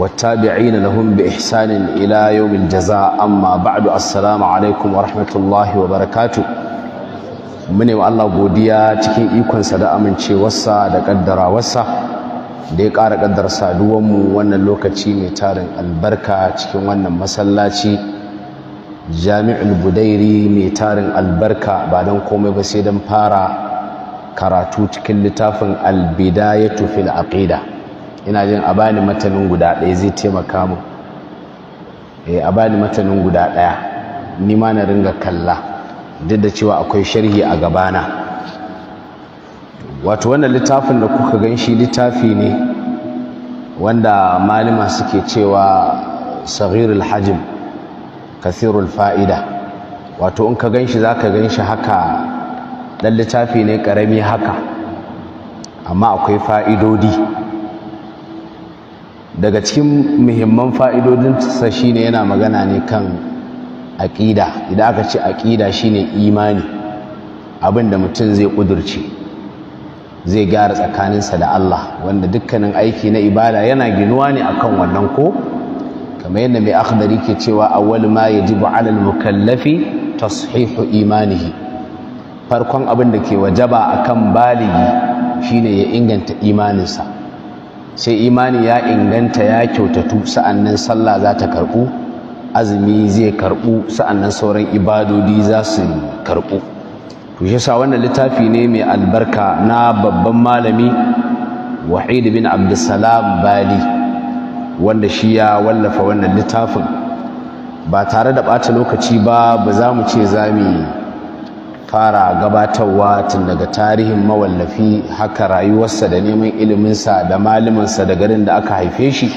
والتابعين لهم بإحسان إلى يوم الجزاء أما بعد السلام عليكم ورحمة الله وبركاته mune wa Allah godiya cikin ikonsa da amincewarsa da kaddarawarsa da ya ƙara kaddar mu wannan lokaci mai tarin albarka cikin wannan masallaci jami'ul budairi mai tarin albarka ba don komai ba sai don fara karatu cikin littafin albida ya fil aqida ina jin a bani matanin guda ɗaya zai taimaka mu eh, a bani matanin guda ɗaya ni ma na ringa kalla duk da cewa akwai sharhi a gabana wato wannan littafin da kuka gan shi littafi ne wanda malama suke cewa saghirul hajim kasirul fa'ida wato in ka gan shi za ka gan shi haka ɗan littafi ne ƙarami haka amma akwai fa'idodi daga cikin muhimman fa'idodin sa ne yana magana ne kan aƙida idan aka ce aƙida ne imani abin da mutum zai ƙudurce zai gyara tsakaninsa da Allah wanda dukkanin aiki na ibada yana ginuwa ne a kan wannan ko kamar yadda mai akhdari ke cewa a wani ma ya ji alal mukallafi tashihu imanihi farkon abin da ke wajaba akan baligi shine ya inganta imaninsa sai imani ya inganta ya kyautatu sa'annan sallah za ta karɓu azumi zai karɓu sa'annan sauran ibadodi za su karɓu to shi sa wannan littafi ne mai albarka na babban malami wahid bin Abdulsalam bali wanda shi ya wallafa wannan littafin ba tare da ɓata lokaci ba ba za mu ce za mu fara gabatarwa tun daga tarihin mawallafi haka rayuwarsa da neman iliminsa da malumansa da garin da aka haife shi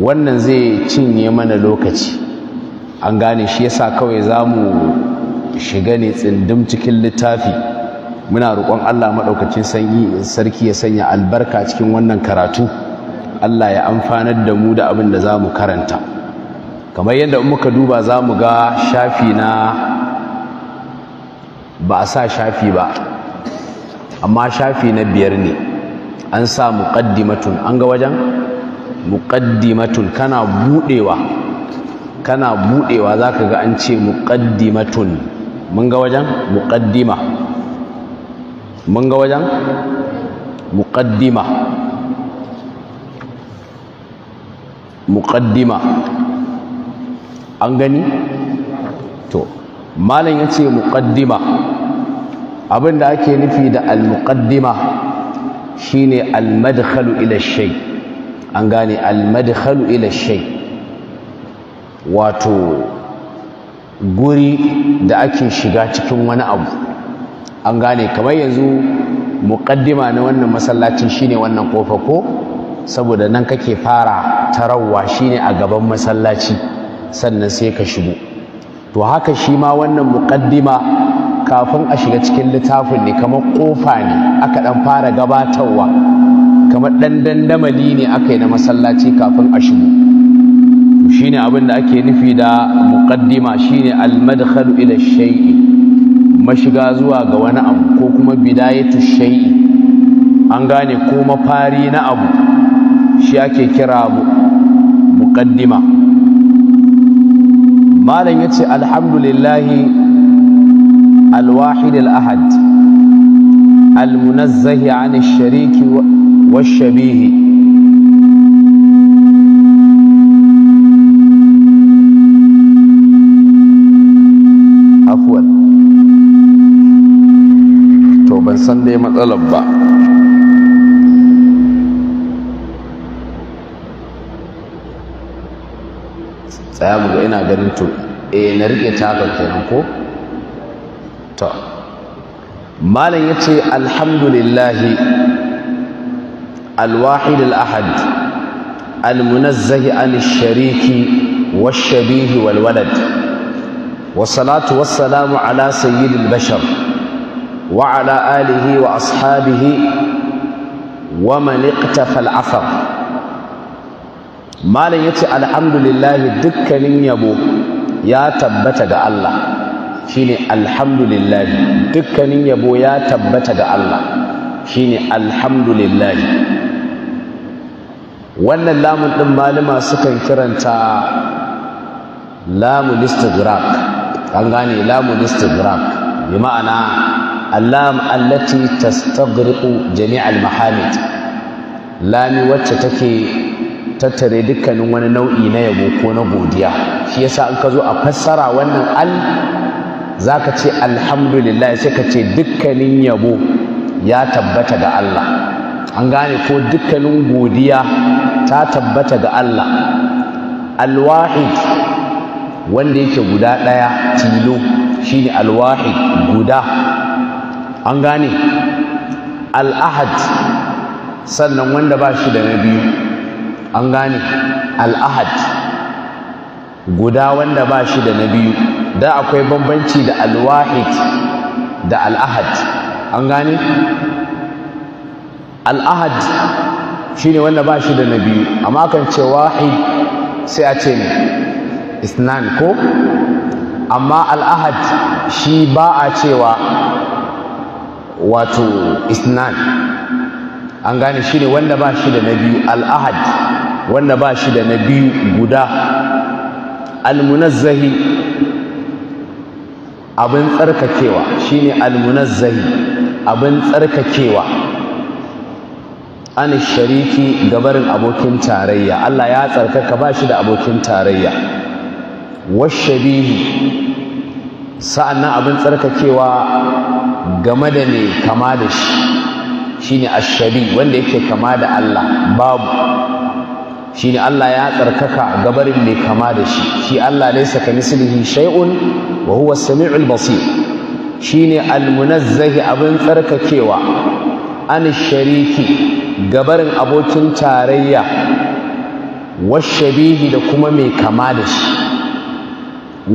wannan zai cinye mana lokaci an gane shi yasa kawai za mu shiga ne tsindin cikin littafi muna roƙon Allah maɗaukacin sanyi sarki ya sanya albarka cikin wannan karatu Allah ya amfanar da mu da abin da za mu karanta kamar yadda muka duba za mu ga shafi na ba a sa shafi ba amma shafi na biyar ne an sa muqaddimatun an ga wajen muqaddimatun kana budewa kana budewa zaka ga an ce muqaddimatun mun ga wajen muqaddima mun ga wajen muqaddima muqaddima an gani to malam yace muqaddima abin da ake nufi da al-muqaddima shine al-madkhalu ila shay an gane al-madkhalu ila shay wato guri da ake shiga cikin wani abu an gane kamar yanzu muqaddima na wannan masallacin shine wannan kofa ko saboda nan kake fara tarawa shine a gaban masallaci sannan sai ka shigo to haka shi ma wannan muqaddima kafin a shiga cikin littafin ne kamar kofa ne aka dan fara gabatarwa kamar dan dandamali ne aka yi na masallaci kafin a shigo shine abin da ake nufi da muqaddima shine al-madkhalu ila shay'i mashiga zuwa ga wani abu ko kuma bidayatu shay'i an gane ko mafari na abu shi ake kira muqaddima malam yace alhamdulillah. الواحد الأحد المنزه عن الشريك والشبيه عفوا توبا سندي san dai matsalar tsaya mu ga ina ganin to eh na rike taka kenan ko malam ya ce alhamdulillahi alwahid al'ahad almunazzahi an shariki washabihi walwalad wasalatu wassalamu ala sayyidil bashar wa ala alihi wa ashabihi wa man iqtafa al'athar malam ya ce alhamdulillahi dukkanin yabo ya tabbata ga Allah shine alhamdulillah dukkanin yabo ya tabbata ga Allah shine alhamdulillah wannan lamun din malama sukan kiranta lamun istighraq an gane lamun istighraq bi ma'ana allam allati tastaghriqu jami'al mahamid lami wacce take tattare dukkanin wani nau'i na yabo ko na godiya shi yasa in ka zo a fassara wannan al za ka ce alhamdulillah sai ka ce dukkanin yabo ya tabbata ga Allah an gane ko dukkanin godiya ta tabbata ga Allah alwahid wanda yake guda ɗaya tilo shine alwahid guda an gane al'ahad sannan wanda ba shi da na biyu an gane al'ahad guda wanda ba shi da na biyu da akwai bambanci da alwahid da al'ahad an gane al'ahad shine wanda ba shi da na biyu amma kan ce wahid sai a ce ne isnan ko amma al'ahad shi ba a cewa wato isnan an gane shi ne wanda ba shi da na biyu al'ahad wanda ba shi da na biyu guda al-munazzahi abin tsarkakewa shine almunazzahi abin tsarkakewa an shariki barin abokin tarayya Allah ya tsarkaka ba shi da abokin tarayya washabihi sa'annan abin tsarkakewa game da ne kama da shi shine ashabi wanda yake kama da Allah babu shine Allah ya tsarkaka gabarin ne kama da shi shi Allah laysa kamislihi shay'un Wahuwa huwa sami'ul basir shine almunazzahi abin tsarkakewa anishariki shariki gabarin abokin tarayya washabihi da kuma mai kama da shi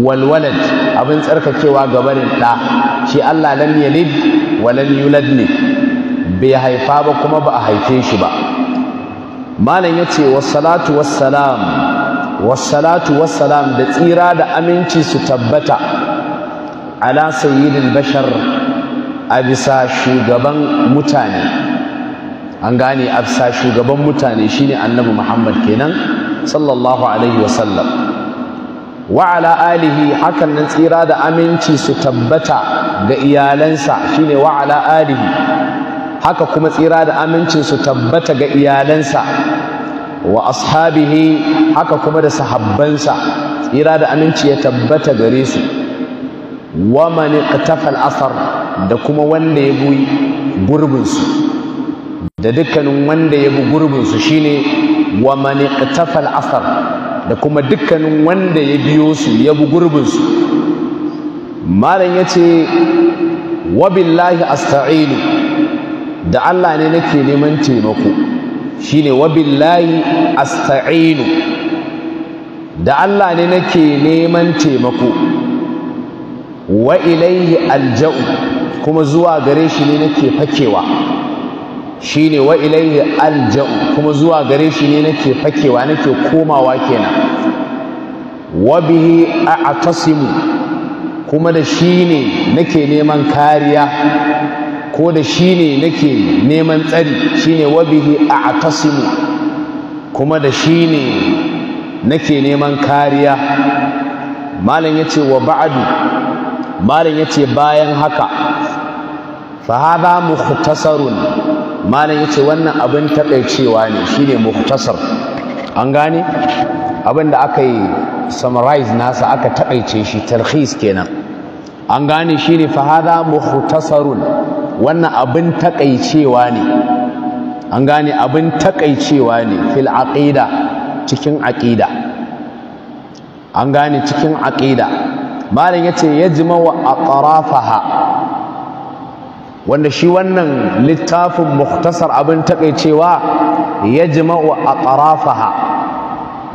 walwalad abin tsarkakewa gabarin ɗa shi Allah lam yalid wa lam yulad ne bai haifa ba kuma ba a haife shi ba malam yace wassalatu wassalam wassalatu wassalam da tsira da aminci su tabbata ala sayyidil bashar a bisa shugaban mutane an gane a bisa shugaban mutane shine annabi muhammad kenan sallallahu alaihi wasallam wa ala alihi hakan nan tsira da aminci su tabbata ga iyalansa shine wa ala alihi haka kuma tsira da aminci su tabbata ga iyalansa wa ashabihi haka kuma da sahabbansa tsira da aminci ya tabbata gare su wa man iqtafa da kuma wanda ya bi gurbin su da dukkanin wanda ya bi gurbin su shine wa man iqtafa al-athar da kuma dukkanin wanda ya biyo su ya bi gurbin su malam yace wa billahi astaeenu da Allah ne nake neman taimako shine wa billahi astaeenu da Allah ne nake neman taimako wa ilaihi alja'u kuma zuwa gare shi ne nake fakewa shine wa ilaihi alja'u kuma zuwa gare shi ne nake fakewa nake komawa kenan wa bihi a'tasimu kuma da shi ne nake neman kariya ko da shi ne nake neman tsari shine wa bihi a'tasimu kuma da shi ne nake neman kariya malam yace wa ba'du malam ce bayan haka fa hadha mukhtasarun ya ce wannan abin takaicewa ne shine mukhtasar an gane abin da aka yi summarize nasa aka takaice shi tarhis kenan an gane shine fa hadha mukhtasarun wannan abin takaicewa ne an gane abin takaicewa ne fil aqida cikin aqida an gane cikin aqida ya ce malam yace a ƙarafaha, wanda shi wannan littafin muktasar abin takeicewa a ƙarafaha,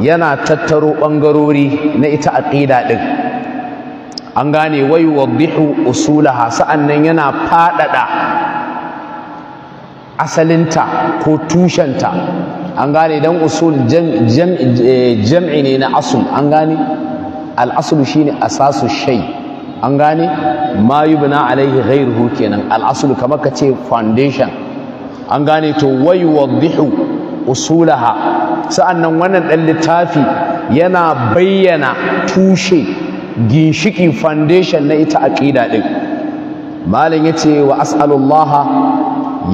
yana tattaro ɓangarori na ita a ɗin. an gane wai wa wadihu usulaha sa'annan yana faɗaɗa asalinta ko tushenta an gane dan usul eh, jam'i ne na asul an gane al'asulu shine asasu shay an gane ma yubna alaihi ghairuhu kenan al'asulu kamar ka ce foundation an gane to wai waddihu usulaha sa'annan wannan dan littafi yana bayyana tushe ginshiki foundation na ita aqida din malam yace wa as'alullaha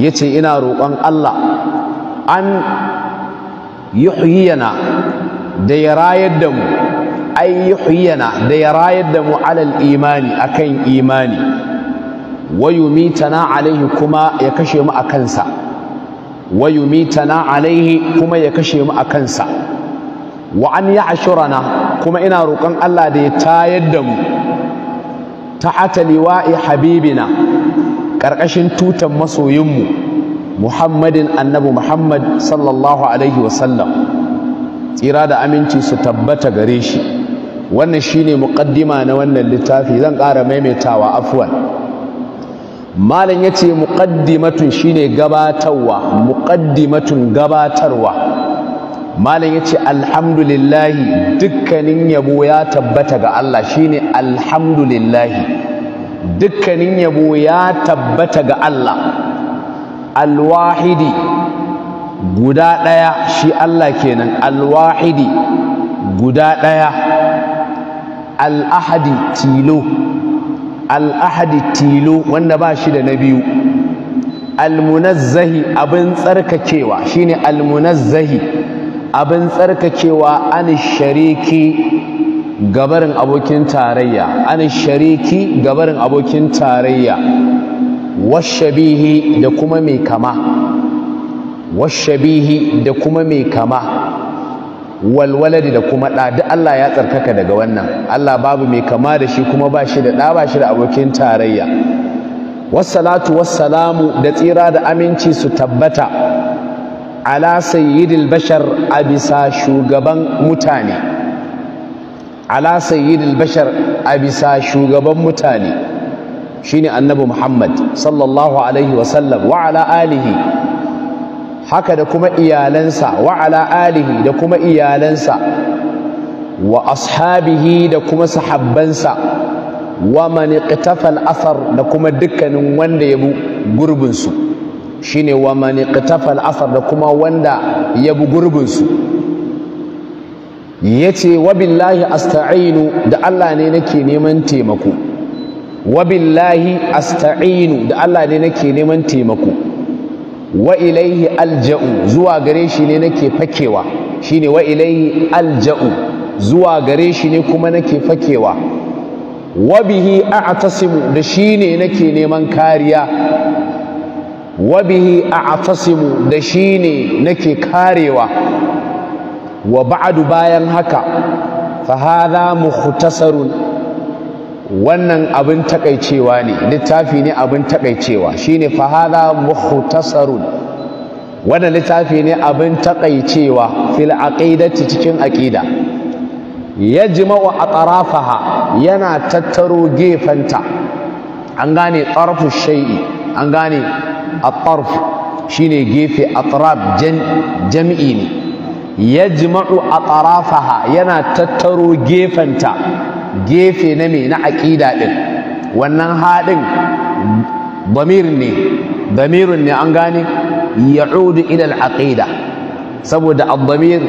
yace ina roƙon Allah an yuhyiyana da ya rayar da mu ay yuhyana da ya rayar da mu alal imani akan imani wa yumitana alaihi kuma ya kashe mu akan sa wa yumitana alaihi kuma ya kashe mu akan sa wa an ya'shurana kuma ina roƙon Allah da ya tayar da mu ta'ata liwa'i habibina ƙarƙashin tutan masoyinmu muhammadin Annabu muhammad sallallahu alaihi sallam. tsira da aminci su tabbata gare shi wannan shine muqaddima na wannan littafi zan ƙara maimaitawa afwan malam yace muqaddimatun shine gabatarwa muqaddimatun gabatarwa malam yace alhamdulillahi dukkanin yabo ya tabbata ga Allah shine alhamdulillahi dukkanin yabo ya tabbata ga Allah alwahidi guda ɗaya shi Allah kenan alwahidi guda ɗaya al'ahadi tilo al'ahadi tilo wanda ba shi da na biyu almunazzahi abin tsarkakewa shine almunazzahi abin tsarkakewa an shariki gabarin abokin tarayya an shariki gabarin abokin tarayya washabihi da kuma mai kama washabihi da kuma mai kama walwaladi da kuma ɗa duk Allah ya tsarkaka daga wannan Allah babu mai kama da shi kuma ba shi da ɗa ba shi da abokin tarayya wassalatu wassalamu da tsira da aminci su tabbata ala sayyidil bashar a bisa shugaban mutane ala sayyidil bashar a bisa shugaban mutane shine annabi Muhammad sallallahu alaihi wasallam wa ala alihi haka da kuma iyalansa wa ala alihi da kuma iyalansa wa ashabihi da kuma sahabbansa wa man iqtafa al-athar da kuma dukkanin wanda ya bi gurbin su shine wa man iqtafa athar da kuma wanda ya bi gurbin su yace wa billahi asta'inu da Allah ne nake neman taimako wa billahi asta'inu da Allah ne nake neman taimako wa ilaihi alja'u zuwa gare shi ne nake fakewa shine wa ilaihi alja'u zuwa gare shi ne kuma nake fakewa wa bihi a'tasimu da shi ne nake neman kariya wa bihi a'tasimu da shi ne nake karewa wa ba'du bayan haka fa hadha mukhtasarun wannan abin takaicewa ne littafi ne abin takaicewa shine fa hadha mukhtasarun wannan littafi ne abin takaicewa fil aqidati cikin aqida yajma'u atrafaha yana tattaro gefanta an gane tsarfu shay'i an gane at-tarf shine gefe atraf jam'i ne yajma'u atrafaha yana tattaro gefanta gefe na me na aƙida ɗin wannan haɗin damir ne damirun ne an gane ya'udu ila aqida saboda ad-damir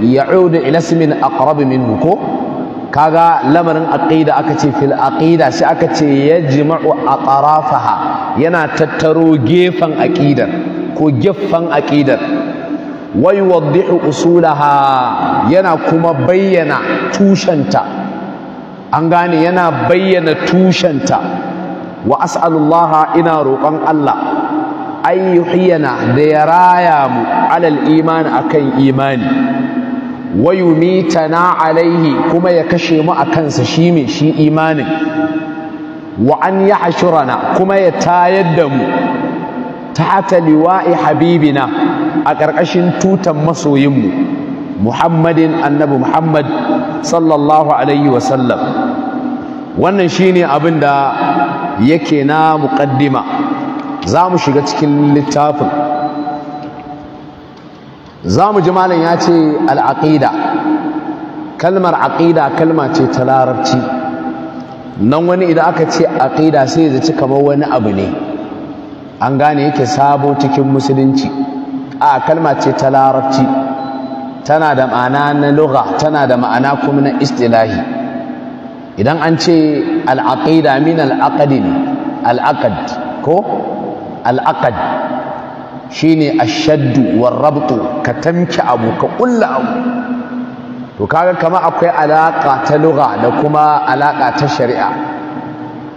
ya'udu ila ismin aqrab minhu ko kaga lamarin aqida aka ce fil aqida sai aka ce yajma'u aqrafaha yana tattaro gefen aqidar ko gefan aqidar wa yuwaddihu usulaha yana kuma bayyana tushenta an gane yana bayyana tushenta wa as'alullaha ina roƙon Allah an yuhyana da ya raya mu alal imani akan imani wa yumitana alaihi kuma ya kashe mu a kansa shi mai shi imanin wa an yahshurana kuma ya tayar da mu tahta liwa'i habibina a ƙarƙashin tutan masoyinmu Muhammadin annabi Muhammad sallallahu alaihi wasallam wannan shine abin da yake na muqaddima za mu shiga cikin littafin za mu ji malam ya ce al'aqida kalmar aqida kalma ce ta larabci nan wani idan aka ce aqida sai ya zaci kamar wani abu ne an gane yake sabo cikin musulunci a kalma ce ta larabci tana da ma'ana na lugha tana da ma'ana kuma na istilahi idan an ce al'aqida min al'aqd ne ko al'aqad shine ashaddu war rabtu ka tamki abu ka kulla abu to kaga kama akwai alaka ta lugha da kuma alaka ta shari'a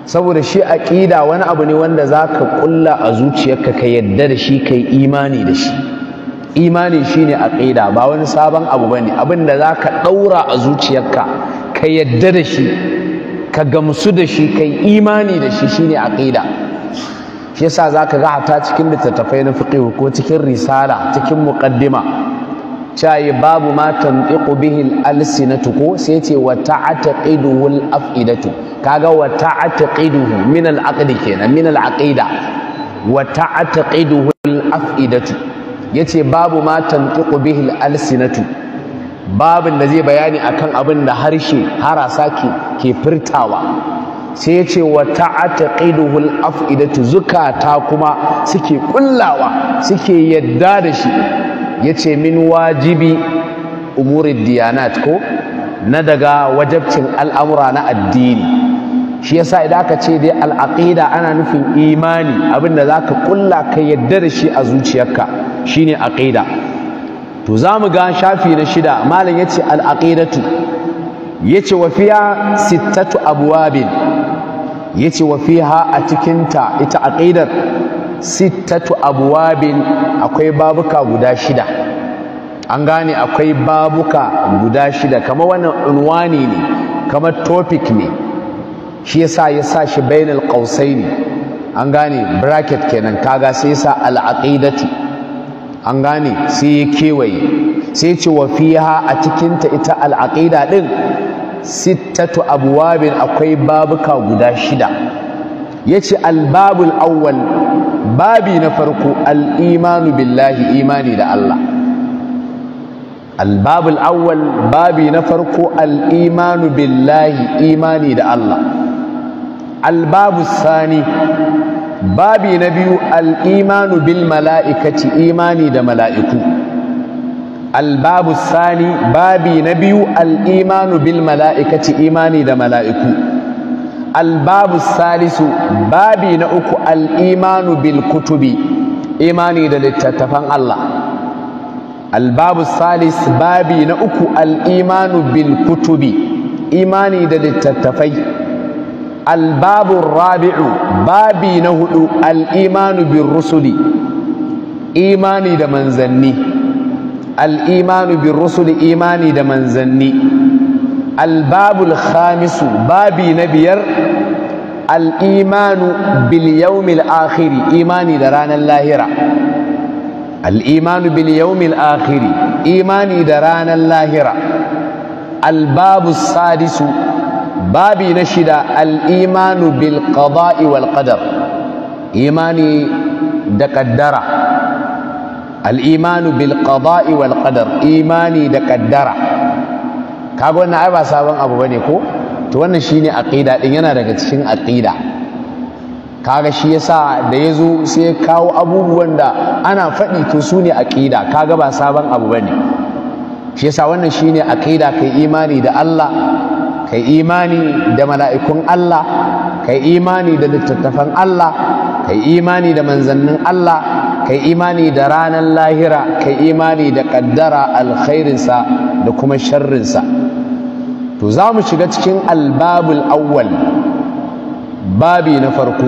saboda shi aqida wani abu ne wanda zaka kulla a zuciyarka ka yadda da shi kai imani da shi imani shine aqida ba wani sabon abu bane abinda da zaka daura a zuciyarka ka yadda da shi ka gamsu da shi kai imani da shi shine aqida shi yasa zaka ga hata cikin littattafai na fiqh ko cikin risala cikin muqaddima cayi babu matan tantiqu bihi al-alsinatu ko sai ce wa ta'taqiduhu al-af'idatu kaga wa ta'taqiduhu min al-aqdi kenan min al-aqida wa ta'taqiduhu al-af'idatu yace babu matan tantiqu bihil alsinatu babu da zai bayani akan abin da harshe harasa ke ke furtawa sai yace wa ta'taqiduhu al-af'idatu zukata kuma suke kullawa suke yadda da shi yace min wajibi umurin diyanat ko na daga wajabcin al'amura na addini shi yasa idan aka ce dai al'aqida ana nufin imani abinda zaka ƙulla ka yadda da shi a zuciyarka shine aqida to zamu ga shafi na shida malam yace al aqidatu yace wa fiha sittatu abwabin yace wa fiha a cikin ta ita aqidar sittatu abwabin akwai babuka guda shida an gane akwai babuka guda shida kamar wannan unwani ne kamar topic ne shi yasa ya sa shi bainal qausaini an gane bracket kenan kaga sai yasa al aqidatu an gane sai ya kewaye sai ce wa fiha a cikinta ita al'aqida ɗin sittatu abwabin akwai babuka guda shida yace albabul awwal babi na farko al billahi imani da Allah albabul awwal babi na farko alimanu billahi imani da Allah Albabu sani babi na biyu al'imanu bil mala'ikaci imani da mala'iku albabu sani babi na biyu al'imanu bil mala'ikaci imani da mala'iku albabu salisu babi na uku al'imanu bil kutubi imani da littattafan Allah albabu salis babi na uku al'imanu bil kutubi imani da littattafai albabu rabi'u babi na hudu al'imanu bin rusuli imani da manzanni al'imanu bin rusuli imani da manzanni albabul khamisu babi na biyar al'imanu bil yawmil akhiri imani da ranar lahira al'imanu bil yawmil akhiri imani da ranar lahira albabu sadisu babi na shida al'imanu bil qada'i wal imani da kaddara al'imanu bil qada'i wal imani da kaddara kaga wannan ai ba sabon abu bane ko to wannan shine aqida din yana daga cikin aqida kaga shi yasa da yazo sai ya kawo abubuwan da ana faɗi to su ne aqida kaga ba sabon abu bane shi yasa wannan shine aqida kai imani da Allah kai imani da mala'ikun Allah kai imani da littattafan Allah kai imani da manzannin Allah kai imani da ranar lahira kai imani da ƙaddara alkhairinsa da kuma sharrinsa to za mu shiga cikin albabul awwal babi na farko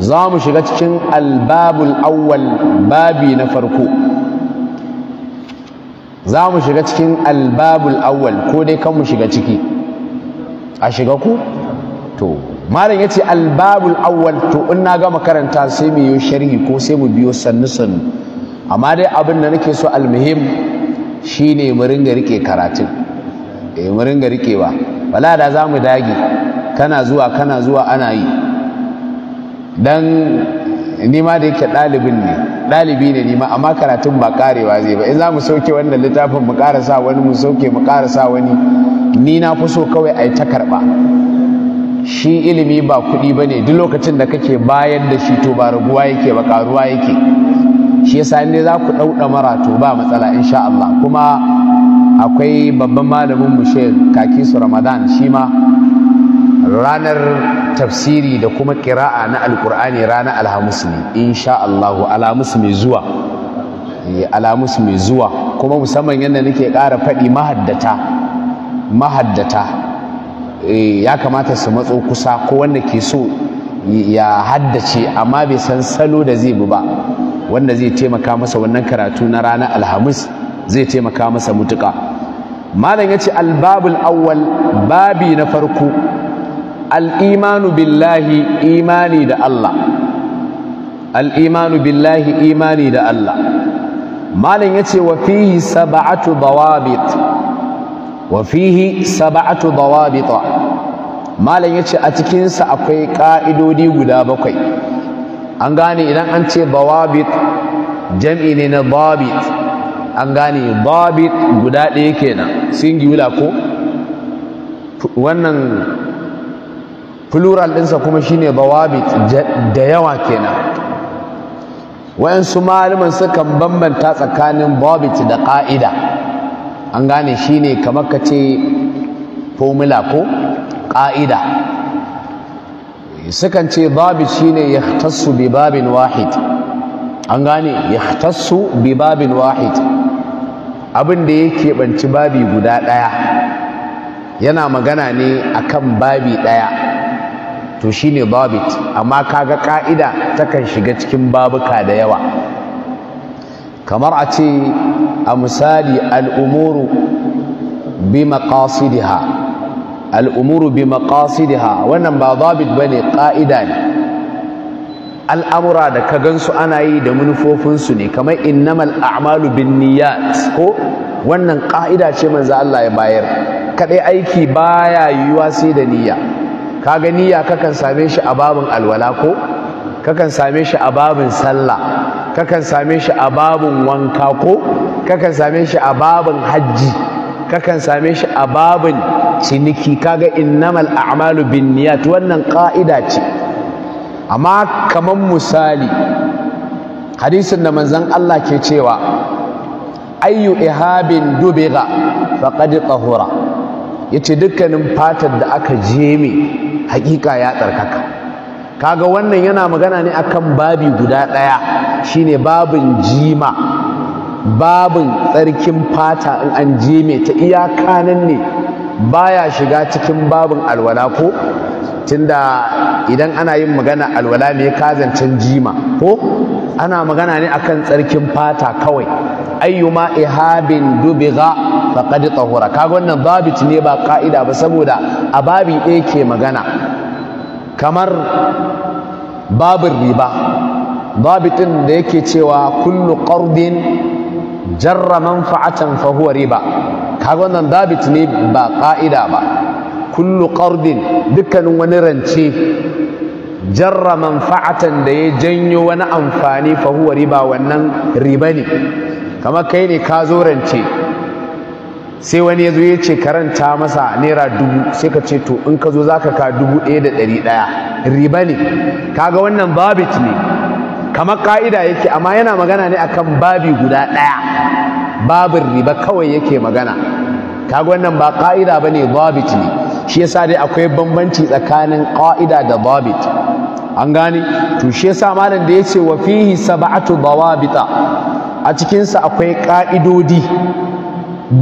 za mu shiga cikin albabul awwal babi na farko za mu shiga cikin albabul awwal ko dai kan mu shiga ciki a shiga ku to malam ce albabul awwal to in na gama karanta sai mu yi sharhi ko sai mu biyo sannu sannu amma dai abin da nake so almuhim shine mu ringa rike karatun eh mu ringa rikewa wala da zamu dage kana zuwa kana zuwa ana yi dan ni ma da yake ɗalibin ne ɗalibi ne ni ma amma karatun ba karewa zai ba in za mu sauke wannan littafin mu karasa wani mu sauke mu karasa sa wani ni na fi so kawai a yi ta karɓa shi ilimi ba kuɗi bane duk lokacin da kake bayan da shi to ba raguwa yake ba karuwa yake shi yasa ne za ku ɗauɗa mara to ba matsala insha Allah kuma akwai babban malamin mu shek kaki su ramadan shi ma ranar tafsiri da kuma ƙira'a na alƙur'ani ranar alhamis ne insha Allah alhamis mai zuwa eh, alhamis mai zuwa kuma musamman yadda nake ƙara faɗi mahaddata mahaddata eh, ya kamata su matso kusa ko wanda ke so ya haddace amma bai san salo da zai bi ba wanda zai taimaka masa wannan karatu na ranar alhamis zai taimaka masa mutuƙa malam ya ce albabul awwal babi na farko al'imanu billahi imani da Allah al'imanu billahi imani da Allah ya ce wa fihi sab'atu dawabit wa fihi sab'atu dawabita ya ce a cikinsa akwai ka'idodi guda bakwai an gane idan an ce dawabit jam'i ne na dabit an gane dabit guda ɗaya kenan singular ko wannan plural ɗinsa kuma shine bawabit da yawa kenan wayansu malaman sukan bambanta tsakanin bawabit da ƙa'ida an gane shine kamar ka ce formula ko ƙa'ida sukan ce babit shine yahtassu bi babin wahid an gane yahtassu bi babin wahid abin da ya keɓanci babi guda ɗaya yana magana ne akan babi ɗaya to shi ne babit amma kaga ka'ida takan shiga cikin babuka da yawa kamar a ce a misali al'umuru bi maqasidiha al'umuru bi maqasidiha wannan ba babit ba ne ka'ida ne al'amura da ka gansu ana yi da manufofinsu ne kamar innamal a'malu bin niyyat ko wannan ƙa'ida ce manza Allah ya bayar kaɗai aiki baya yiwuwa sai da niyya kaga niyya kakan same shi a babin alwala ko kakan same shi a babin sallah kakan same shi a babin wanka ko kakan same shi a babin hajji kakan same shi a babin ciniki kaga innamal a'malu binniyat wannan ka'ida ce amma kaman misali hadisin da manzon Allah ke cewa ayyu ihabin dubiga faqad tahura ya ce dukkanin fatar da aka je jeme hakika ya tsarkaka kaga wannan yana magana ne akan babi guda ɗaya shine babin jima babin tsarkin fata in an je jeme ta iyaka nan ne baya shiga cikin babin alwala ko tunda idan ana yin magana alwala ne kazancen jima ko ana magana ne akan tsarkin fata kawai ayyuma ihabin dubiga faqad tahura kaga wannan babit ne ba ka'ida ba saboda a babi ɗaya ke magana kamar babin riba babitin da yake cewa kullu qardin jarra manfa'atan fa huwa riba kaga wannan babit ne ba ka'ida ba kullu qardin dukkanin wani rance jarra manfa'atan da ya janyo wani amfani fa huwa riba wannan riba ne Kama kai ne ka zo rance sai wani ya zo ya ce karanta masa naira dubu sai ka ce to in ka zo za ka ka dubu ɗaya da ɗari ɗaya riba ne kaga wannan babit ne Kama ka'ida yake amma yana magana ne akan babi guda ɗaya babin riba kawai yake magana kaga wannan ba ka'ida ba ne babit ne shi yasa dai akwai bambanci tsakanin ƙa'ida da babit an gane to shi yasa malam da yace wa fihi sab'atu dawabita a cikin sa akwai ƙa'idodi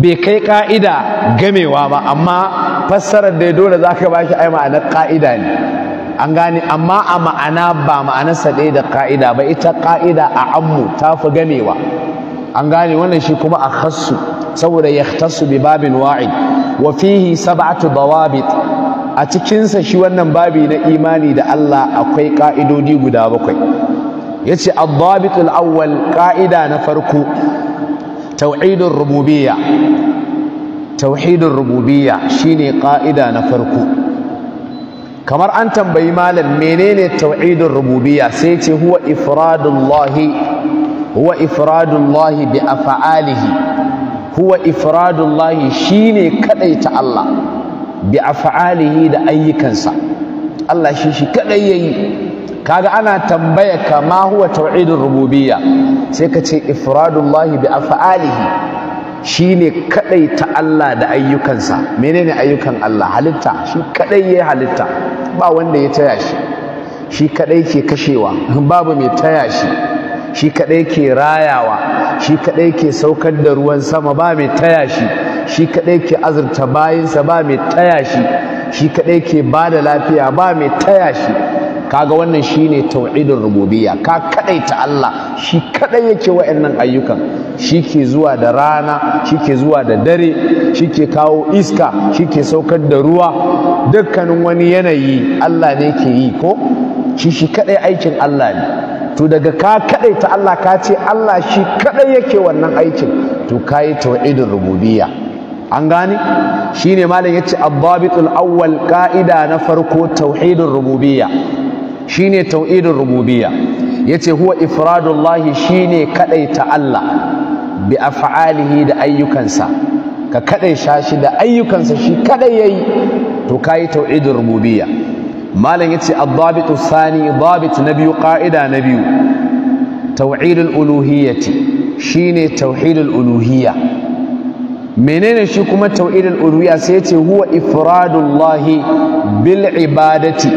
bai kai ƙa'ida gamewa ba amma fassarar da dole zaka bashi ai ma'anar ƙa'ida ne an gane amma a ma'ana ba ma'anarsa ɗaya da ƙa'ida ba ita ƙa'ida a ammu ta fi gamewa an gane wannan shi kuma a khassu saboda ya tasu bi babin wa'id Wafihi fihi sab'atu a cikinsa shi wannan babi na imani da Allah akwai ka'idodi guda bakwai yace ad-dabitul awwal ka'ida na farko tauhidur rububiyya shine ƙa'ida na farko kamar an tambayi malam menene tauhidur rububiya sai ce huwa ifradullahi huwa a bi af'alihi huwa ifradullahi shine kadaita Allah bi af'alihi da ayyukansa Allah shi shi kadai yayi kaga ana tambaya kama huwa tauhidur rububiyya sai ka ce ifradullahi bi af'alihi shine kadaita Allah da ayyukansa menene ayyukan Allah halitta shi kadai yayi halitta ba wanda ya taya shi shi kadai ke kashewa babu mai taya shi shi kadai ke rayawa shi kadai ke saukar da ruwan sama ba mai taya shi shi kadai ke azurta bayinsa ba mai taya shi shi kadai ke ba da lafiya ba mai taya shi kaga wannan shine tauhidin Rububiya, ka kadaita Allah shi kadai yake wa'annan ayyukan shi ke zuwa da rana shi ke zuwa da dare shi ke kawo iska shi ke saukar da ruwa dukkanin wani yanayi Allah ne ke yi ko shi shi kadai aikin Allah ne to daga ka kadai ta Allah ka ce Allah shi kadai yake wannan aikin to kai tauhidin rububiyya an gane shine malam yace abbabitul awwal qaida na farko tauhidin rububiyya shine tauhidin rububiyya yace huwa ifradullahi shine kadai ta Allah bi af'alihi da ayyukansa ka kadai shashi da ayyukansa shi kadai yayi to kai tauhidin rububiyya malam yace ad-dabitu sani dabit na biyu qa'ida na biyu tauhidul uluhiyyati shine tauhidul uluhiyya menene shi kuma tauhidul uluhiyya sai yace huwa ifradullahi bil ibadati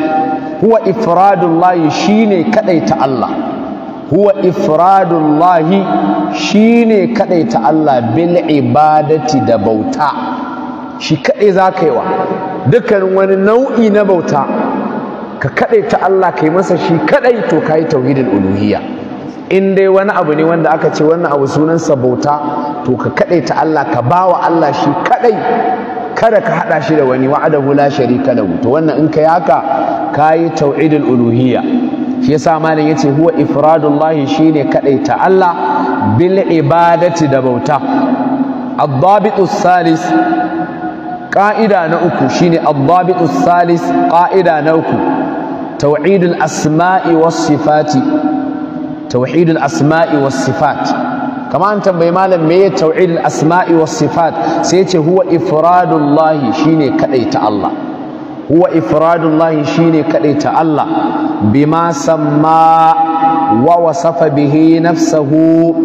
huwa ifradullahi shine kadaita Allah huwa ifradullahi shine kadaita Allah bil ibadati da bauta shi kadai zakai wa Dukkan wani nau'i na bauta ka ta Allah yi masa shi kaɗai to yi tauhidin uluhiyya in dai wani abu ne wanda aka ce wannan abu sunansa bauta to ka ta Allah ka bawa Allah shi kaɗai. kada ka haɗa shi da wani wa'adahu la sharika lahu to wannan in yi haka kai tauhidin uluhiyya shi yasa malam yace huwa ifradullahi shine ta Allah bil ibadati da bauta الضابط الثالث ƙa'ida na uku shine abbabitu salis ƙa'ida na uku tauhidul asma'i was sifati tauhidul asma'i was sifat kama an tambayi malam me tauhidul asma'i was sifat sai ce huwa ifradullahi shine ta Allah huwa ifradullahi shine ta Allah bima samma wa wasafa bihi nafsahu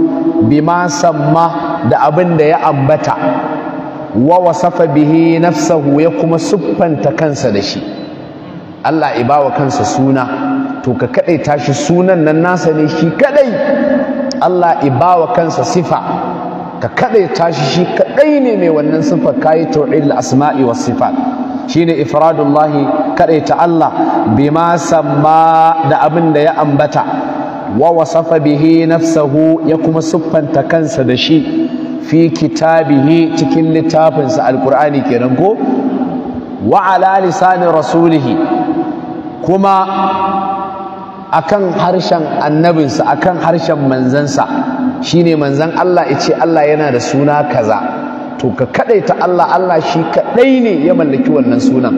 bima samma da abin da ya ambata wa wasafa bihi nafsahu ya kuma siffanta kansa da shi Allah ibawa kansa suna to ka kadai tashi sunan nan nasa ne shi kadai Allah ibawa kansa sifa ka kadai tashi shi kadai ne mai wannan sifa kai tauhidul asma'i was sifat shine ifradullahi kadai ta Allah bima samma da abin da ya ambata wa wasafa bihi nafsahu ya kuma siffanta kansa da shi fi kitabihi cikin littafinsa alkur'ani kenan ko wa ala lisanin rasulihi kuma kan harshen annabinsa akan harshen manzansa shine manzan Allah ce Allah yana da suna kaza to ka ta Allah Allah shi kadai ne ya mallaki wannan sunan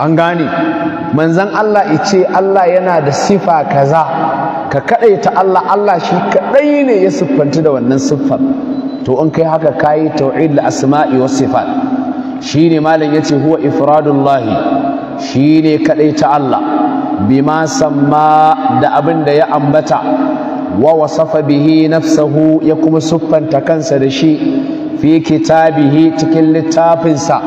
an gane manzan Allah ce Allah yana da sifa kaza ka ta Allah Allah shi kadai ne ya siffanci da wannan siffar to in kai haka kayi tauhid al-asma'i was sifat shine malam yace huwa ifradullah shine kadai ta Allah bima samma da abin da ya ambata wa wasafa bihi nafsahu ya kuma siffanta kansa da shi fi kitabihi cikin littafinsa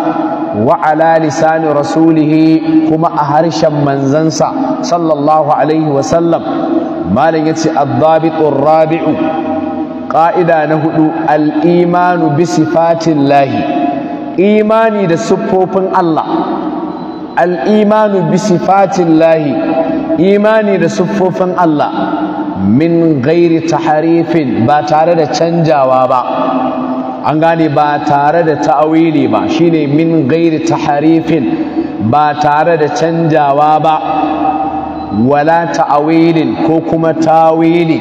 wa ala lisani rasulihi kuma a harshen manzansa sallallahu alaihi wasallam malam yace ad-dabiqur rabi'u ƙa'ida na hudu al'imanu bi sifatin lahi imani da siffofin Allah al'imanu bi sifatin lahi imani da siffofin Allah min gairi taharifin ba tare da canjawa ba an gane ba tare da ta'awili ba shine min gairi taharifin ba tare da canjawa ba wala ta'awilin ko kuma tawili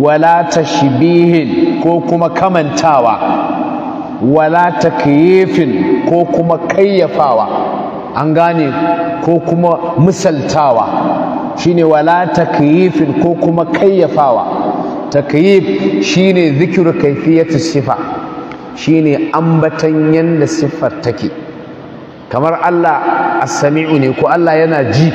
wala shibihin ko kuma kamantawa wala takyifin ko kuma kayyafawa an gane ko kuma misaltawa shine wala takyifin ko kuma kayyafawa takyif shine zikiru kaifiyatu sifa shine ambatan yanda siffar take kamar Allah as-sami'u ne ko Allah yana ji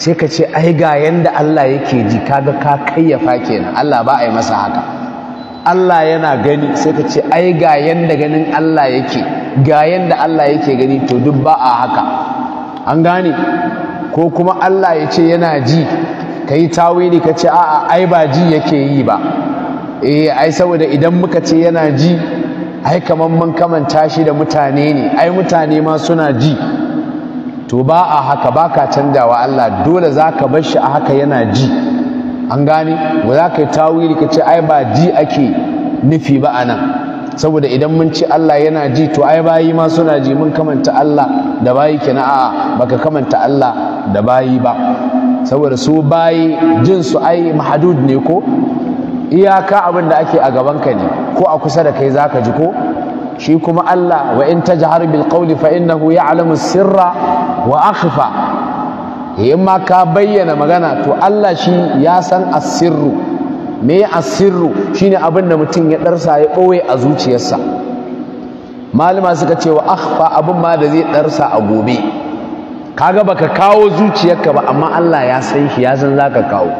sai ka ce ai ga yanda Allah yake ji kaga ka kayyafa kenan Allah ba a yi masa haka Allah yana gani sai ka ce ai ga yanda ganin Allah yake ga yanda Allah yake gani to duk ba a haka an gane ko kuma Allah ya ce yana ji ka yi tawili ka ce a'a ai ba ji yake yi ba eh ai saboda idan muka ce yana ji ai kamar man kamanta shi da mutane ne ai mutane ma suna ji to ba a haka ba ka canjawa Allah dole za ka bar shi a haka yana ji an gane ba za ka yi tawili ka ce ai ba ji ake nufi ba a nan saboda idan mun ci Allah yana ji to ai bayi ma suna ji mun kamanta Allah da bayi kenan a'a baka kamanta Allah da bayi ba saboda su bayi jin su ai mahadud ne ko iyaka abin da ake a gaban ka ne ko a kusa da kai zaka ji ko shi kuma Allah wa in tajhar bil qawli fa innahu ya'lamu sirra wa akhfa in ma ka bayyana magana to Allah shi ya san asirru me asirru shine abin da mutum ya darsa ya ɓoye a zuciyarsa malama suka ce wa akhfa abin ma da zai darsa a gobe kaga baka kawo zuciyarka ba amma Allah ya san shi ya san zaka kawo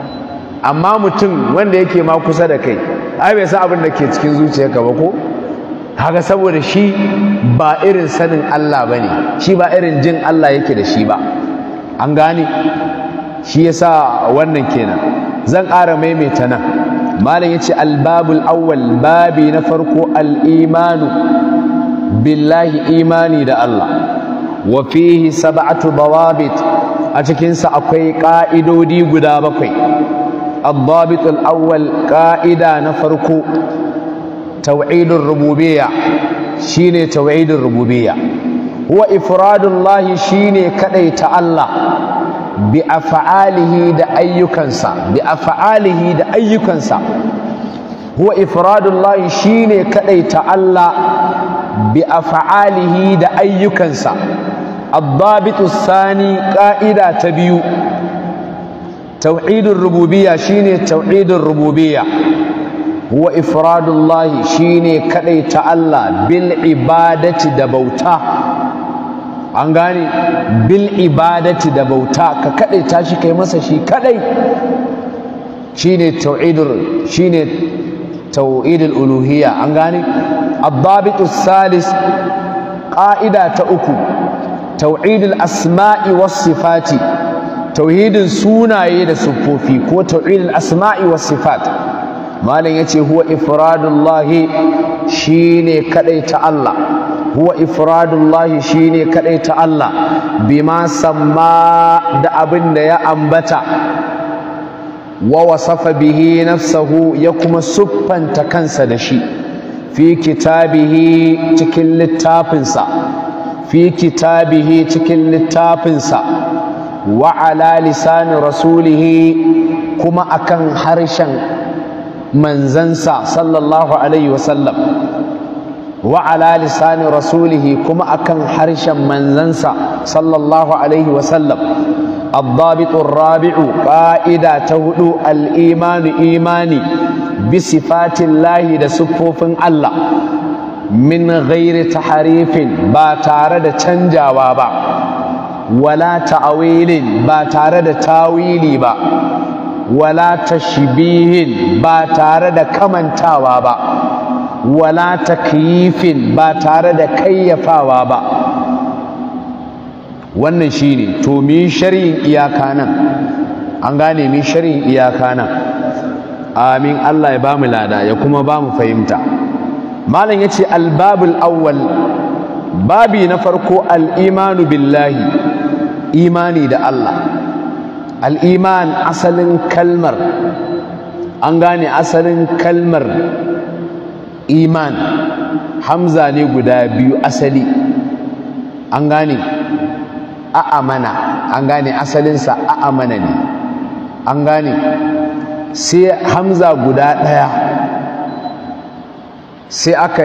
amma mutum wanda yake ma kusa da kai ai bai san abin da ke cikin zuciyarka ba ko kaga saboda shi ba irin sanin Allah ba ne shi ba irin jin Allah yake da shi ba an gane shi yasa wannan kenan zan ƙara maimaita nan malam yace albabul awwal babi na farko al-imanu billahi imani da Allah wa fihi sab'atu dawabit a cikinsa akwai ƙa'idodi guda bakwai الضابط الأول قائدة نفرق توعيد الربوبية shine tauhidin rububiyya huwa ifradullahi shine kadaita Allah bi af'alihi da ayyukansa bi af'alihi da ayyukansa huwa ifradullahi shine kadaita Allah bi af'alihi da ayyukansa الضابط الثاني ta biyu توحيد الربوبية shine توحيد rububiya. huwa ifradullahi shine ta Allah bil ibadati da bauta an gane bil ibadati da bauta ka kadaita shi kai masa shi kadai shine tauhidul shine tauhidul uluhiyya an gane الضابط الثالث قاعدة أكو توعيد الأسماء والصفات توحيد سونا يد سبوفي كو توعيد الأسماء والصفات malam yace huwa ifradullahi shine kaɗaita Allah huwa ifradullahi shine kaɗaita Allah bima samma da abin da ya ambata wa wasafa bihi nafsahu ya kuma suffanta kansa da shi fi kitabihi cikin littafinsa fi kitabihi cikin littafinsa wa ala rasulihi kuma akan harshen manzansa sallallahu alaihi wasallam wa ala lisani rasulihi kuma akan harshen manzansa sallallahu alaihi wasallam الضابط الرابع قائدة تهدو الإيمان إيماني بصفات الله دا سفوف الله من غير تحريف باتارد wala ta'awilin ولا تأويل باتارد تاويل با wala shibihin ba tare da kamantawa ba wala takyifin ba tare da kayyafawa ba wannan shine to mi shari'in iyaka nan an gane mi shari'in iyaka nan amin Allah ya bamu lada ya kuma bamu fahimta malam yace albabul awwal babi na farko al-imanu billahi imani da Allah al'iman asalin kalmar an gane asalin kalmar iman hamza ne guda biyu asali an gane a'amana an gane asalinsa a'amana ne an gane sai hamza guda ɗaya sai aka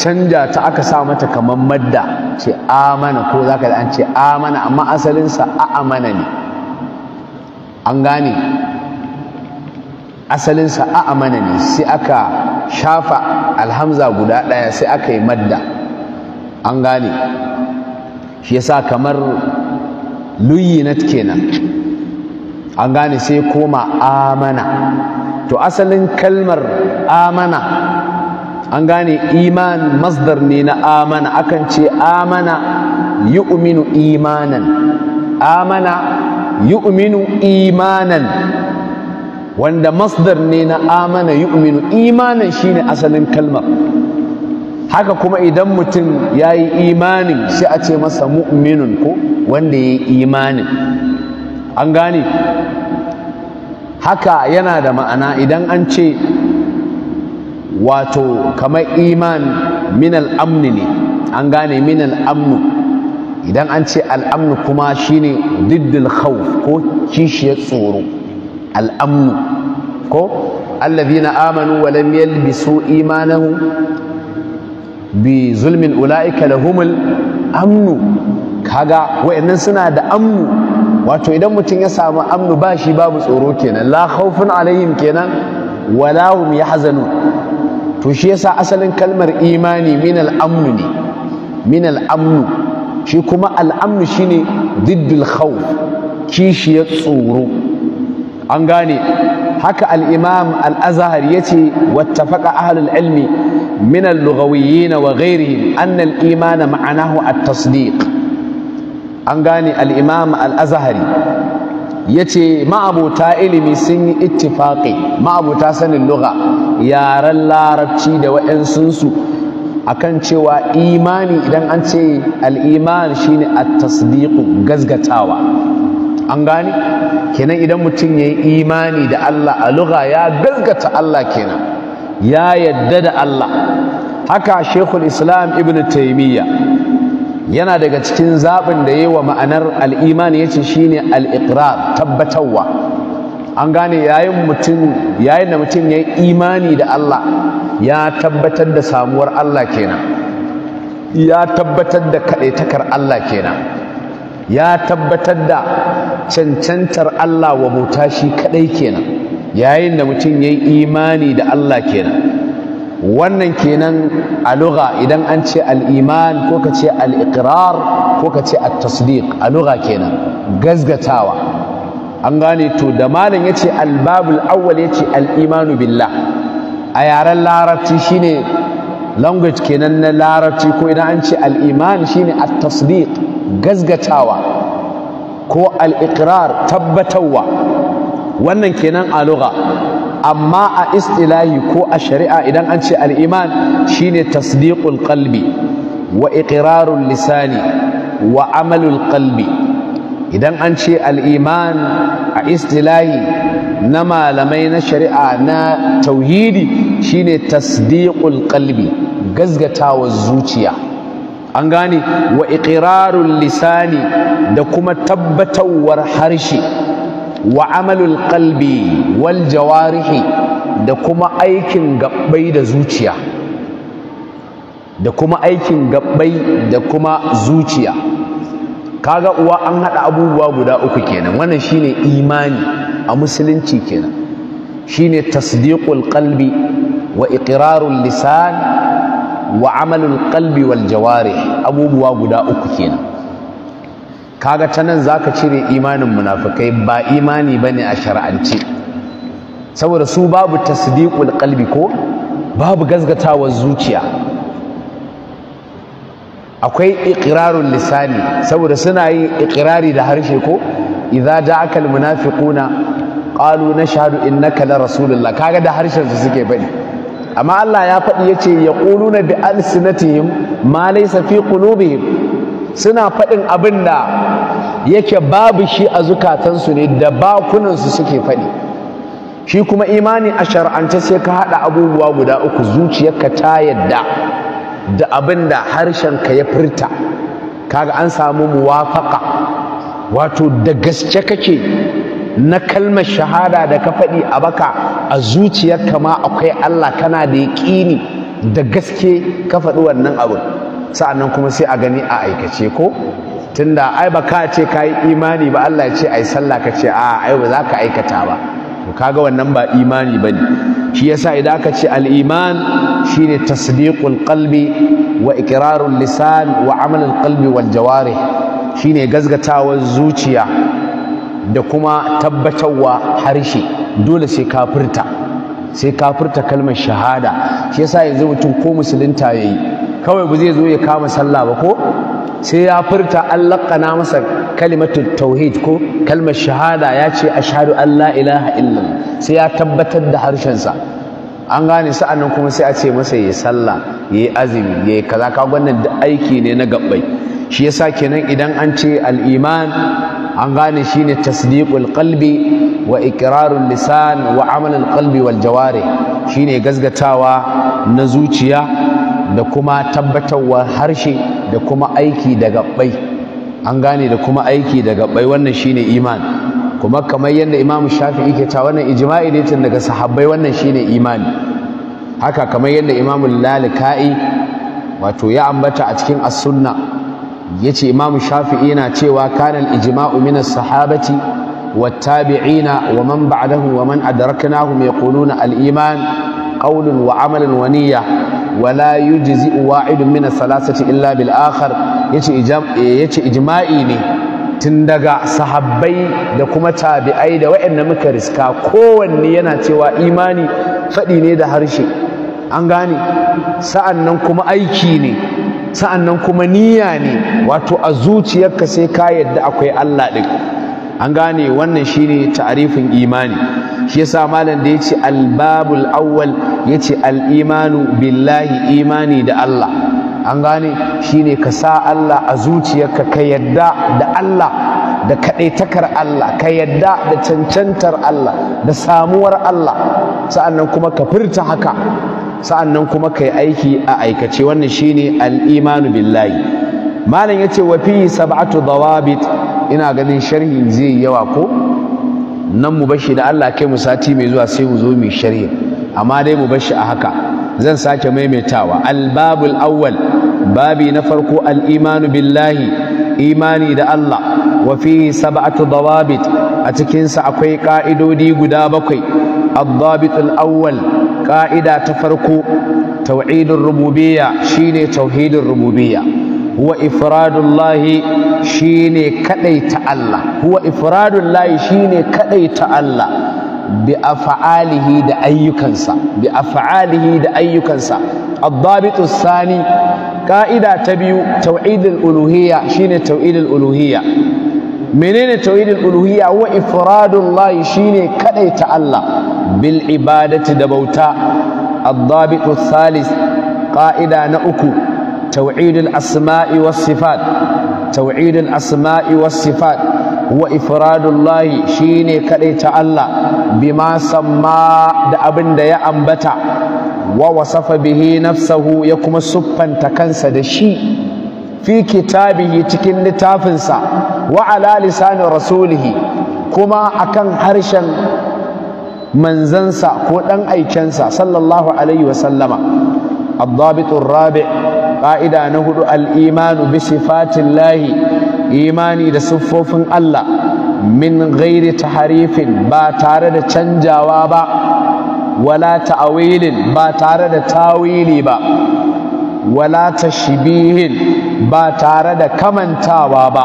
canja ta aka sa mata kamar madda ce amana ko za ka da an ce amana amma asalinsa a'amana ne an gane asalinsa amana ne sai aka shafa alhamza guda ɗaya sai aka yi madda an gane shi yasa kamar luyinat kenan an gane sai koma amana to asalin kalmar amana an gane iman masdar ne na amana akan ce amana yu'minu imanan amana yu'minu imanan wanda masdar ne na amana yu'minu imanan shine asalin kalmar haka kuma idan mutum ya yi imanin sai a ce masa mu'minun ko wanda ya yi imanin an gane haka yana da ma'ana idan an ce wato kamar iman minal amni ne an gane minal amnu idan an ce al'amnu kuma shine diddil khawf ko kishiyar tsoro al'amnu ko na amanu wa bi yalbisu imanahu bi zulmin ula'ika lahumul amnu kaga nan suna da amnu wato idan mutum ya samu amnu ba shi babu tsoro kenan la khawfun alaihim kenan wala hum yahzanun to shi yasa asalin kalmar imani min al-amnu ne min al-amnu shi kuma al'amnu ne diddul khawf kishiyar tsoro an gane haka al-imam ya ce, yace wattafaqa ahlul ilmi minan lugawiyi na wa ghayrihim anna imana ma'anahu a tasdiq an gane al-imam ya azhari yace ma'abota ilimi sun yi ittifaƙi ma'abota sanin lugha yaren larabci da wayansunsu akan cewa imani idan an ce al'iman ne a tasdiku gazgatawa an gane kenan idan mutum ya yi imani da Allah a luga ya gazgata Allah kenan ya yadda da Allah haka shekul islam ibn taimiyya yana daga cikin zaɓin da yi wa ma'anar al'imani ya ce ne al'iqrar tabbatarwa an gane yayin da mutum ya yi imani da Allah ya tabbatar da samuwar Allah kenan ya tabbatar da kaɗaitakar Allah kenan ya tabbatar da cancantar Allah wa bauta shi kaɗai kenan yayin da mutum ya yi imani da Allah kenan wannan kenan a lugha idan an ce al'iman ko ka ce al'iƙirar ko ka ce al-tasdiq a lugha kenan gazgatawa an gane to da malam ya ce albabul awwal ya ce al'imanu billah a yaren larabci shine language kenan na larabci ko idan an ce al'iman shine at-tasdiq gazgatawa ko al tabbatarwa, wannan kenan a amma a istilahi ko a shari'a idan an ce al'iman shine tasdiƙul ƙalbi wa iqrarul lisani wa amalul ƙalbi idan an ce al'iman a istilahi na malamai na shari'a na tauhidi shine tasdiqul qalbi gazgatawa zuciya an gane wa iqrarul lisani da kuma tabbatawar harshe wa amalul qalbi wal jawarihi da kuma aikin gabbai da zuciya da kuma aikin gabbai da kuma zuciya kaga uwa an haɗa abubuwa guda uku kenan wannan shine imani a musulunci kenan shine tasdiqul qalbi wa iqrarul lisan wa amalul qalbi wal jawarih abubuwa guda uku kenan kaga ta nan zaka cire imanin munafikai ba imani bane a shar'ance saboda su babu tasdiqul qalbi ko babu gazgatawar zuciya akwai iƙirarin lisani saboda suna yin ikirari da harshe ko idza ja'aka almunafiquna qalu nashhadu innaka la rasulullah kaga da harshen su suke faɗi amma Allah ya faɗi yace yaquluna bi alsinatihim ma laysa fi qulubihim suna faɗin abin da yake babu shi a zukatansu ne da bakunansu suke faɗi shi kuma imani a shar'ance sai ka haɗa abubuwa guda uku zuciyarka ta yadda da abin da harshenka ya furta kaga an samu muwafaka wato da gaske kake na kalmar shahada da ka faɗi a baka a zuciyarka ma akwai Allah kana da yaƙini da gaske ka faɗi wannan abu sa'annan kuma sai a gani a aikace ko tunda ai ba ka ce ka yi imani ba Allah ya ce ai sallah ka ce a ai ba za ka aikata ba to kaga wannan ba imani ba ne shi yasa idan aka ce al-iman shine tasdiqul qalbi wa iqrarul lisan wa amalul qalbi wal jawarih shine gazgatawar zuciya da kuma tabbatarwa harshe dole sai kafirta sai kafirta kalmar shahada shi yasa yanzu mutum ko musulunta yayi kawai ba zai zo ya kama sallah ba ko sai ya furta an laƙana masa kalimatu tauhid ko kalmar shahada ya ce ashhadu an la ilaha illallah sai ya tabbatar da harshensa an gane sa'annan kuma sai a ce masa yayi sallah yayi azumi yi kaza ka wannan da aiki ne na gabbai shi yasa kenan idan an ce al-iman an gane shine tasdiqul qalbi wa iqrarul lisan wa amalul qalbi wal jawari shine gazgatawa na zuciya da kuma tabbatarwa harshe da kuma aiki da gabbai an gane da kuma aiki da gabbai wannan shine iman kuma kamar yadda imamu shafi'i ke wannan ijma'i ne tun daga sahabbai wannan shine imani haka kamar yadda imamu lalika'i wato ya ambata a cikin as-sunna yace imamu shafi'i yana cewa kanal al-ijma'u min as-sahabati wat-tabi'ina wa man ba'dahum wa man adraknahum yaquluna al-iman qawlun wa 'amalan wa niyya wa la yujzi'u salasati illa bil akhar Eh, yace ijma'i ne tun daga sahabbai da kuma tabi'ai da waɗanda muka riska kowanne yana cewa imani faɗi ne da harshe an gane sa'an nan kuma aiki ne sa'an nan kuma niyya ne wato a zuciyarka sai ka yadda akwai Allah ɗin an gane wannan shine ta'arifin imani shi yasa malam da yace albabul awwal yace al-imanu billahi imani da Allah an gane shine ka sa Allah a zuciyarka ka yadda da Allah da kaɗaitakar Allah ka yadda da cancantar Allah da samuwar Allah sa'annan kuma ka furta haka sa'annan kuma ka yi aiki a aikace wannan shine al'imanu billahi malam ya wa fi sab'atu dawabit ina ganin sharhi zai yi yawa ko nan mu bashi da Allah kai mu sati mai zuwa sai mu zo mu sharhi amma dai mu bashi a haka zan sake maimaitawa albabul awwal babi na farko al-imanu billahi imani da Allah wa fihi sab'atu dawabit a cikin sa akwai ka'idodi guda bakwai ad-dabit al-awwal ka'ida ta farko tauhidur rububiyya shine tauhidur rububiyya huwa ifradullahi shine kadaita Allah huwa ifradullahi shine kadaita Allah bi af'alihi da ayyukansa bi af'alihi sani ka'ida ta biyu tauhidul Uluhiya shine tauhidul uluhiyya menene tauhidul Uluhiya? wa ifradullahi shine ta Allah bil ibadati da bauta ad-dabitu thalith ka'ida na uku tauhidul asma'i was sifat asma'i was wa ifradullahi shine ta Allah bima samma da abin da ya ambata wa wasafa bihi nafsahu ya kuma siffanta kansa da shi fi kitabihi cikin littafinsa wa ala lisanin rasulihi kuma akan harshen manzansa ko ɗan aikensa sallallahu alaihi wasallama الضابط الرابع قائدة نهد الإيمان بصفات الله imani da siffofin Allah min ghairi taharifin ba tare da canjawa ba wala ta'awilin ba tare da tawili ba wala tashbihin ba tare da kamantawa ba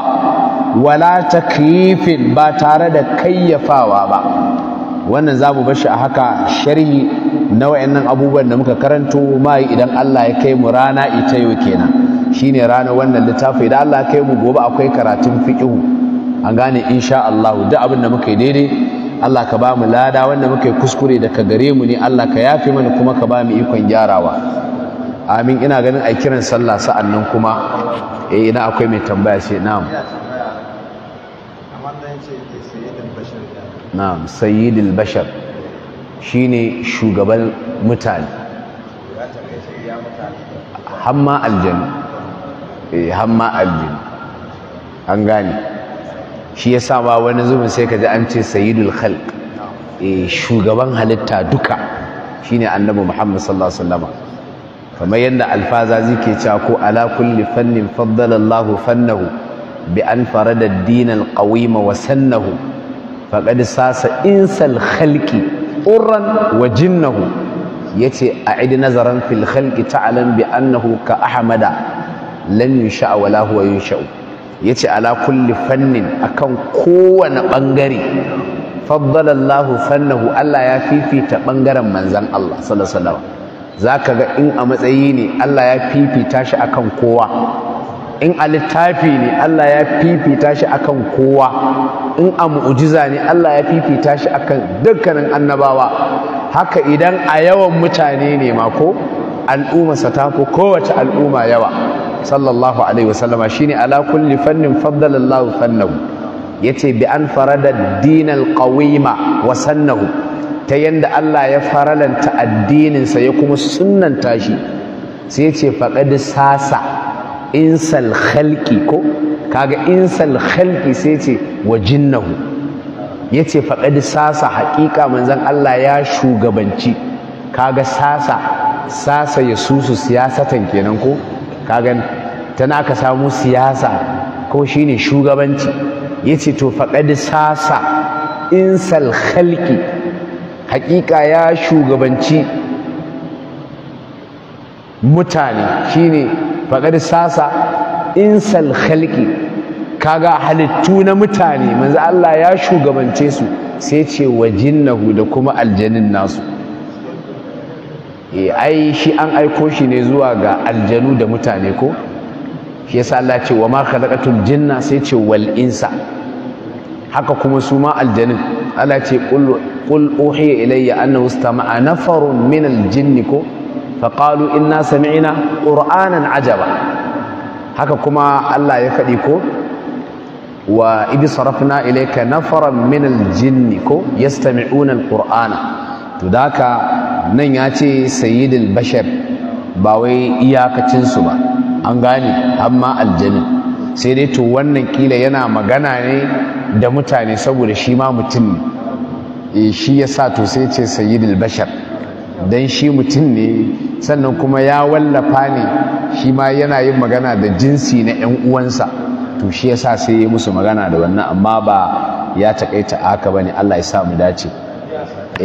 wala takyifin ba tare da kayyafawa ba wannan za mu bashi a haka sharhi na wayannan abubuwan da muka karanto mai idan Allah ya kai mu rana ita yau kenan shine ranar wannan littafi da Allah kai mu gobe akwai karatun fiqhu an gane insha Allah duk abin da muka yi daidai Allah ka ba lada wanda muka yi kuskure daga gare mu ne Allah ka yafe mana kuma ka ba mu ikon gyarawa amin ina ganin ai kiran sallah nan kuma eh ina akwai mai tambaya sai na'am na'am sayyidul bashar shine shugaban mutane hamma aljanu Eh, hamma aljin an gane shi ya sa wani zubin sai ka ji an ce sayidul khalq eh, shugaban halitta duka shine annabi muhammad sallallahu alaihi wasallam kamar yadda zai ke cewa ko ala kulli fannin faddala Allahu fannahu bi an farada ad-din al-qawim wa sannahu faqad sasa insal khalqi urran wa jinnahu yace a'id nazaran fil khalqi ta'lam bi annahu ka ahmada lam wa yin huwa Ya yace ala kulli fannin akan kowane ɓangare. faddala Allahu fannahu Allah ya fifita ɓangaren manzon Allah sallallahu alaihi wasallam zaka ga in a matsayi ne Allah ya fifita shi akan kowa in a littafi ne Allah ya fifita shi akan kowa in a mu'jiza ne Allah ya fifita shi akan dukkanin annabawa haka idan a yawan mutane ne ma ko al'ummarsa ta kowace al'umma yawa sallallahu alaihi wasallama shine ala kulli fannin faddalallahu fannahu yace bi an farada dinal qawima wa sannahu ta yanda Allah ya faralanta addinin sa ya kuma sunnanta shi sai yace faqad sasa insal khalqi ko kaga insal khalqi sai yace wa jinnahu yace faqad sasa haƙiƙa manzon Allah ya shugabanci kaga sasa sasa ya susu siyasatan kenan ko Kagan tana aka samu siyasa ko shine shugabanci yace to faqad sasa insal khalqi hakika ya shugabanci mutane shine faqad sasa insal khalqi kaga halittu na mutane manzo Allah ya shugabance su sai ce wajinnahu da kuma aljanin nasu e ai shi an aiko shi ne zuwa ga aljanu da mutane ko shi yasa Allah ce wa ma khalaqatul jinna sai ce wal insa haka kuma su ma Aljanu Allah ce qul uhiya ilayya annahu istama'a nafarun min aljinn ko faqalu inna sami'na qur'anan ajaba haka kuma Allah ya faɗi ko wa idh sarafna ilayka nafaran min jini ko yastami'una alqur'ana to daka nan ya ce sayidin bashar ba wai iyakacinsu ba an gane amma aljanin sai dai to wannan kila yana magana ne da mutane saboda shi ma mutum ne e, shi ya sa to sai ce sayidin bashar don shi mutum ne sannan kuma ya wallafa ne shi ma yana yin magana da jinsi na 'yan uwansa to shi ya sa sai ya musu magana da wannan amma ba ya taƙaita aka ba ne allah ya sa mu dace